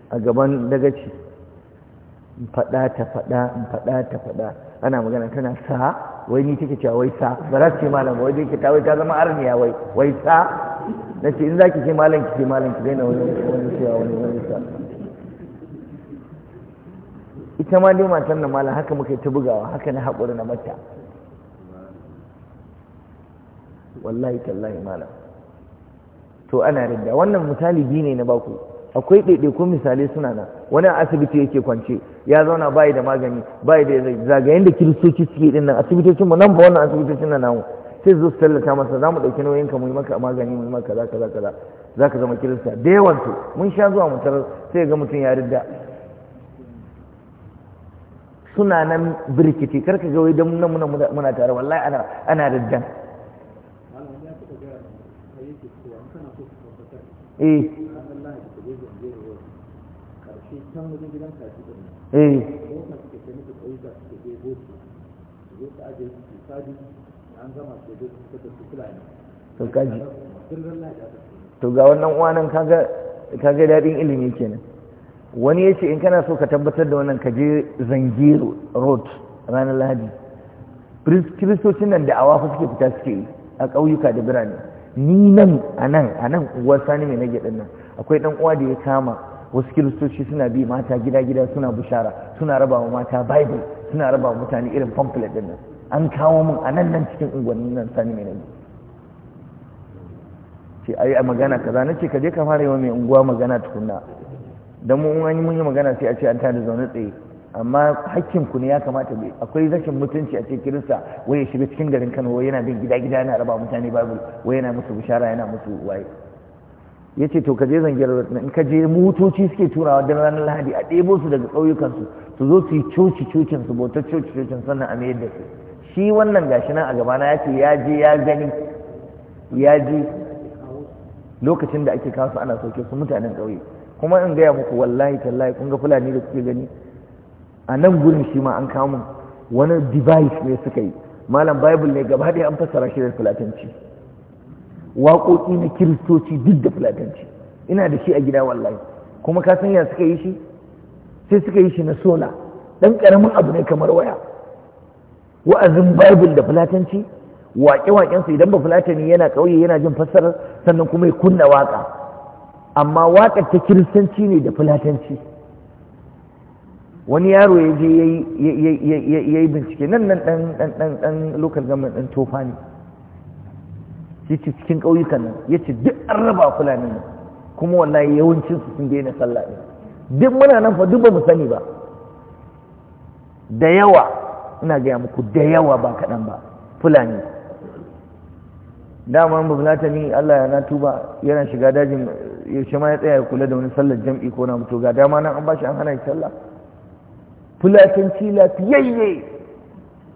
a gaban dagaci faɗa ta faɗa faɗa ta faɗa ana magana tana sa wai ni take cewa wai sa ba za su ce malam wai dai ta wai ta zama arniya wai wai sa na ce in za ki ce malam ki ce malam ki na wani wani cewa wani wani sa ita ma dai matan nan malam haka muka yi ta bugawa haka na haƙuri na mata wallahi tallahi malam to ana ridda wannan misali biyu ne na baku akwai ɗaiɗaikun misalai suna nan wani a asibiti yake kwance ya zauna bayi da magani bayi da zagayen da kiristoci suke ɗin nan asibitocin mu nan ba wannan asibitocin na namu sai zo su tallata masa za mu ɗauki nauyin ka mu yi maka magani mu yi maka zaka kaza kaza za ka zama kirista da yawan su mun sha zuwa mu tarar sai ga mutum ya ridda suna nan birkiti kar ka ga wai dan nan muna muna tare wallahi ana ana riddan eh eh to kaji ga wannan uwanan kaga kaga daɗin ilimi kenan wani ya ce in kana so ka tabbatar da wannan kaje zange road ranar lahadi kiristocin nan da awa wafa suke fita suke yi a ƙauyuka da birane ni nan a nan a nan uwar sani mai nage ɗin nan akwai ɗan uwa da ya kama wasu kiristoci suna bi mata gida-gida suna bushara suna raba wa mata bible suna raba wa mutane irin pamphlet din nan an kawo mun a nan nan cikin unguwannin nan sani mai nan ce ai a magana kaza na ce ka je ka fara yi wa mai unguwa magana tukunna don mu an yi mun yi magana sai a ce an tada zaune tsaye amma hakkin ku ne ya kamata bai akwai rashin mutunci a ce kirista wai ya shiga cikin garin Kano wai yana bin gida gida yana raba mutane bible wai yana musu bishara yana musu waye ya ce to ka je zangiyar in ka je motoci suke turawa don ranar lahadi a ɗebo su daga ƙauyukansu su zo su yi coci cocin su bauta coci cocin sannan a mayar da su shi wannan gashi nan a gabana ya ce ya je ya gani ya je lokacin da ake kasu ana sauke su mutanen ƙauye kuma in gaya muku wallahi tallahi kun ga fulani da kuke gani a nan gurin shi ma an mun wani device ne suka yi malam bible ne gaba ɗaya an fassara shi da fulatanci waƙoƙi na kiristoci duk da fulatanci ina da shi a gida wallahi kuma ka san ya suka yi shi sai suka yi shi na sola ɗan ƙaramin abu ne kamar waya wa'azin bible da fulatanci waƙe-waƙensu idan ba fulatani yana ƙauye yana jin fassarar sannan kuma ya kunna waƙa amma waƙar ta kiristanci ne da fulatanci wani yaro ya je ya yi bincike nan nan ɗan lokal government ɗan tofa ne yace cikin ƙauyukan nan yace duk an raba fulani ne kuma wallahi yawancin su sun daina sallah ne duk muna nan fa duk ba mu sani ba da yawa ina gaya muku da yawa ba kaɗan ba fulani dama mun bulata ni Allah ya na tuba yana shiga dajin yaushe ma ya tsaya ya kula da wani sallar jam'i ko na mutu ga dama nan an bashi an hana shi sallah fulatanci lafiyayye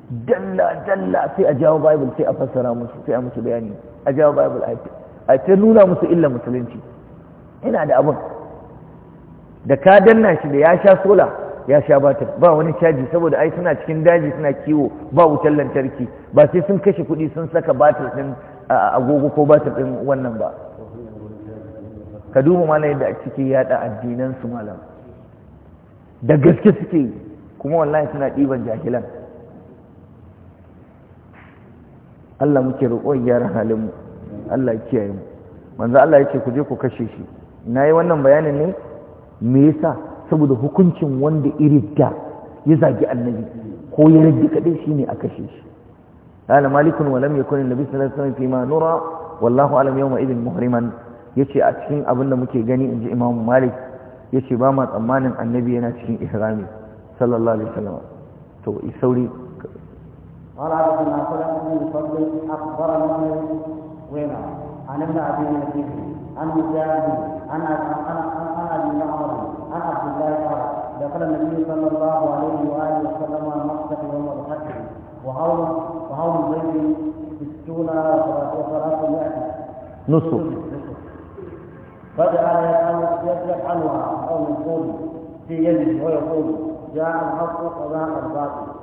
dalla dalla sai a jawo bible sai a fassara musu sai a musu bayani a jawo bible a ta nuna musu illa musulunci ina da abin da ka danna shi da ya sha sola ya sha batir ba wani caji saboda ai suna cikin daji suna kiwo ba wutar lantarki ba sai sun kashe kuɗi sun saka batir ɗin agogo ko batir ɗin wannan ba ka duba malam yadda a ciki yaɗa addinan su malam da gaske suke kuma wallahi suna ɗiban jahilan Allah muke roƙo gyara halin mu Allah ya kiyaye mu manzo Allah yake ku je ku kashe shi yi wannan bayanin ne me yasa saboda hukuncin wanda irida ya zagi annabi ko ya rage kadai shine a kashe shi qala malikun wa lam yakun annabi sallallahu alaihi wasallam fi ma nura wallahu alam yawma idin muhriman yace a cikin abin da muke gani in ji imamu malik yace ba ma tsammanin annabi yana cikin ihrami sallallahu alaihi wasallam to قال عبد سلمة بن الفضل أخبرنا وين عن ابن أبي نجيب عن مجاهد عن عن أبي معمر عن عبد الله قال دخل النبي صلى الله عليه وآله وسلم المقتل يوم الفتح وهول وهول زيد ستون وثلاثمائة نصف فجعل يفعلها أو يقول في يده ويقول جاء الحق وذهب الباطل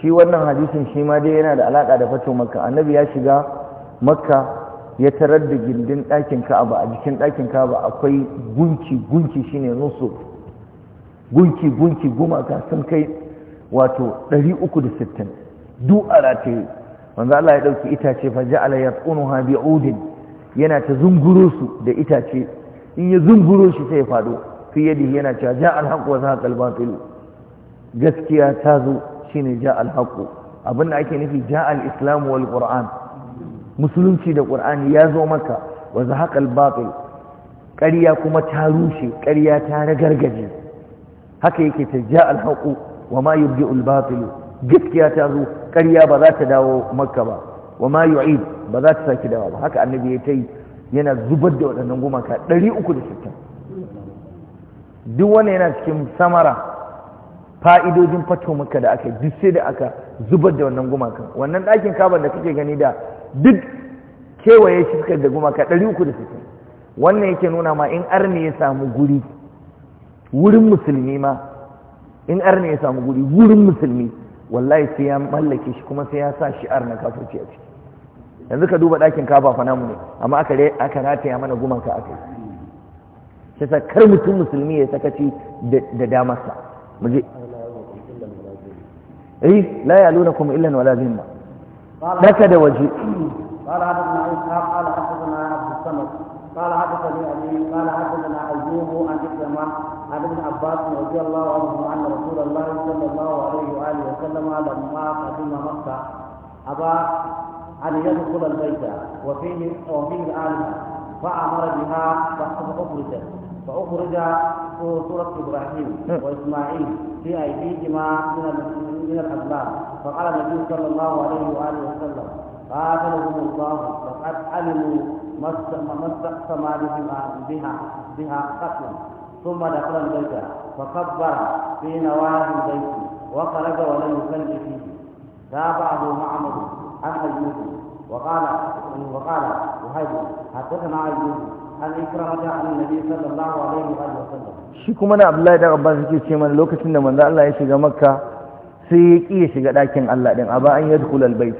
shi wannan hadisin shi ma dai yana da alaka da fatan makka annabi ya shiga makka ya tarar da gindin ɗakin ka'aba a jikin ɗakin ka'aba akwai gunki gunki shine nusu gunki gunki gumaka sun kai wato 360 duk a rataye Allah ya ɗauki itace fa ja'ala yatsunuha bi'udin yana ta zunguro su da itace in ya zunguro shi sai ya faɗo. fi yana cewa ja alhaqu wa zahaqa gaskiya ta zo shine ja alhaqu abinda ake nufi ja alislamu wal qur'an musulunci da qur'ani ya zo maka wa zahaqa albatil ƙarya kuma ta rushe ƙarya ta ragargaje haka yake ta ja alhaqu wa ma yubdi albatil gaskiya ta zo ƙarya ba za ta dawo maka ba wa ma yu'id ba za ta saki dawo ba haka annabi ya ta yi yana zubar da waɗannan gumaka ɗari uku da sittin. duk wanda yana cikin samara fa'idojin fato maka da aka duk sai da aka zubar da wannan gumakan wannan ɗakin kabar da kake gani da duk kewaye shi suka da gumaka ɗari uku da sittin wannan yake nuna ma in arne ya samu guri wurin musulmi ma in arne ya samu guri wurin musulmi wallahi sai ya mallake shi kuma sai ya sa shi arna kafirci a ciki yanzu ka duba ɗakin kaba fa namu ne amma aka rataya mana gumaka aka yi sai sa kar mutum musulmi ya sakaci da damarsa muje eh la yalunakum illan wala zimma daka da waje قال حدثنا اسحاق قال حدثنا عبد السمر قال حدثني ابي قال حدثنا ايوب عن عكرمه عن ابن عباس رضي الله عنهما ان رسول الله صلى الله عليه واله وسلم لما قدم مكه أبا ان يدخل البيت وفيه وفيه الالهه فامر بها فاخرجت فأخرج سورة إبراهيم وإسماعيل في أيديهما من من الأسباب فقال النبي صلى الله عليه وآله وسلم قاتلهم الله فقد علموا ما استقسم بهما بها بها قتلا ثم دخل البيت فكبر في نواحي البيت وخرج ولم يصلي فيه تابعه معمر عن أيوب وقال وقال وهيب حدثنا أيوب shi kuma na abdullahi da abbas yake ce mana lokacin da manzo Allah ya shiga makka sai ya shiga ɗakin Allah ɗin a ba an yadkhul albayt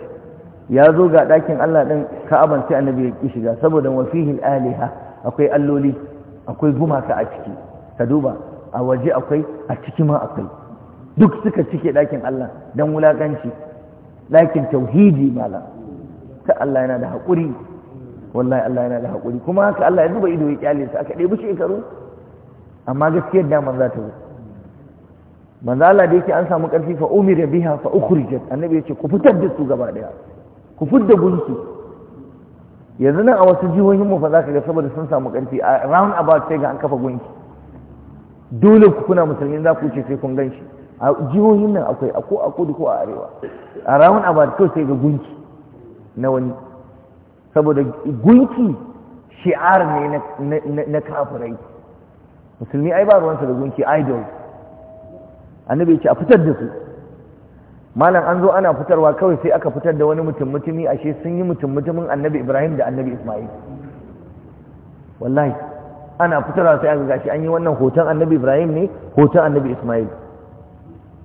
ya zo ga ɗakin Allah ɗin ka'aban sai annabi ya ki shiga saboda wa fihi akwai alloli akwai gumaka a ciki ka duba a waje akwai a ciki ma akwai duk suka cike ɗakin Allah don wulaƙanci ɗakin tauhidi malam ta Allah yana da haƙuri wallahi Allah yana da haƙuri kuma haka Allah ya zuba ido ya kyale su aka ɗebi shekaru amma gaskiyar daman za ta zo manzo Allah da yake an samu ƙarfi fa umira biha fa ukhrijat annabi yace ku fitar da su gaba daya ku fidda gunsu yanzu nan a wasu jihohin mu fa zaka ga saboda sun samu ƙarfi a round about sai ga an kafa gunki dole ku kuna musulmi za ku ce sai kun ganshi a jihohin nan akwai a ko a kudu ko a arewa a round about kawai sai ga gunki na wani saboda gunki shi'ar ne na kafirai musulmi ai ba ruwansa da gunki idol annabi ce a fitar da su malam an zo ana fitarwa kawai sai aka fitar da wani mutum mutumi ashe sun yi mutum mutumin annabi ibrahim da annabi ismail wallahi ana fitarwa sai aka gashi an yi wannan hoton annabi ibrahim ne hoton annabi ismail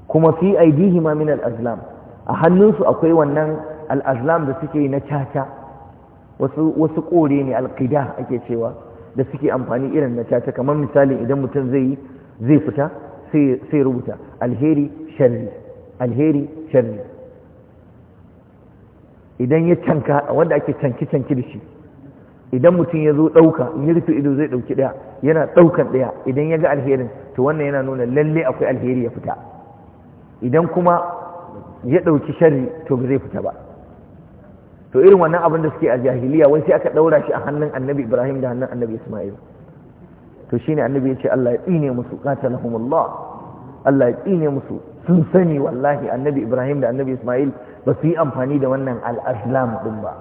kuma fi aidihi ma min al-azlam a hannunsu akwai wannan al-azlam da suke na caca wasu wasu kore ne alƙida ake cewa da suke amfani irin na caca kamar misali idan mutum zai fita sai rubuta alheri sharri alheri sharri idan ya canka wanda ake canki canki da shi idan mutum ya zo ɗauka ya rufe ido zai ɗauki ɗaya yana ɗaukan ɗaya idan ya ga alherin to wannan yana nuna lalle akwai alheri ya fita idan kuma ya ɗauki sharri to ba zai fita ba to irin wannan abin da suke a jahiliya wai sai aka daura shi a hannun annabi ibrahim da hannun annabi isma'il to shine annabi ya ce Allah ya tsine musu qatalahumullah Allah ya tsine musu sun sani wallahi annabi ibrahim da annabi isma'il ba su yi amfani da wannan al al'aslam din ba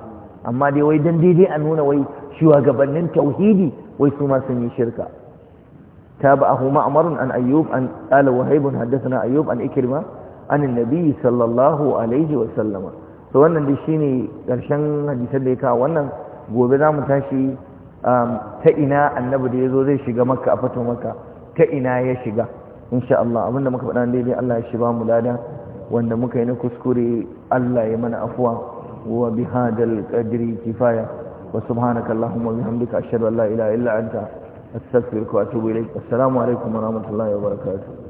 amma dai wai dan daidai a nuna wai shugabannin tauhidi wai su ma sun yi shirka تابعه معمر عن أيوب عن قال وهيب حدثنا أيوب عن إكرمة عن النبي sallallahu alaihi wa sallama. to wannan dai shine ƙarshen hadisan da ya kawo wannan gobe za mu tashi um, ta ina annabi da ya zo zai shiga makka a fito makka ta ina ya shiga insha Allah abinda muka faɗa daidai Allah ya shiba mu ladan wanda muka yi na kuskure Allah ya mana afuwa wa hadal qadri kifaya wa subhanaka allahumma wa bihamdika ashhadu an la ilaha illa anta astaghfiruka wa atubu ilayk assalamu alaikum wa rahmatullahi wa barakatuh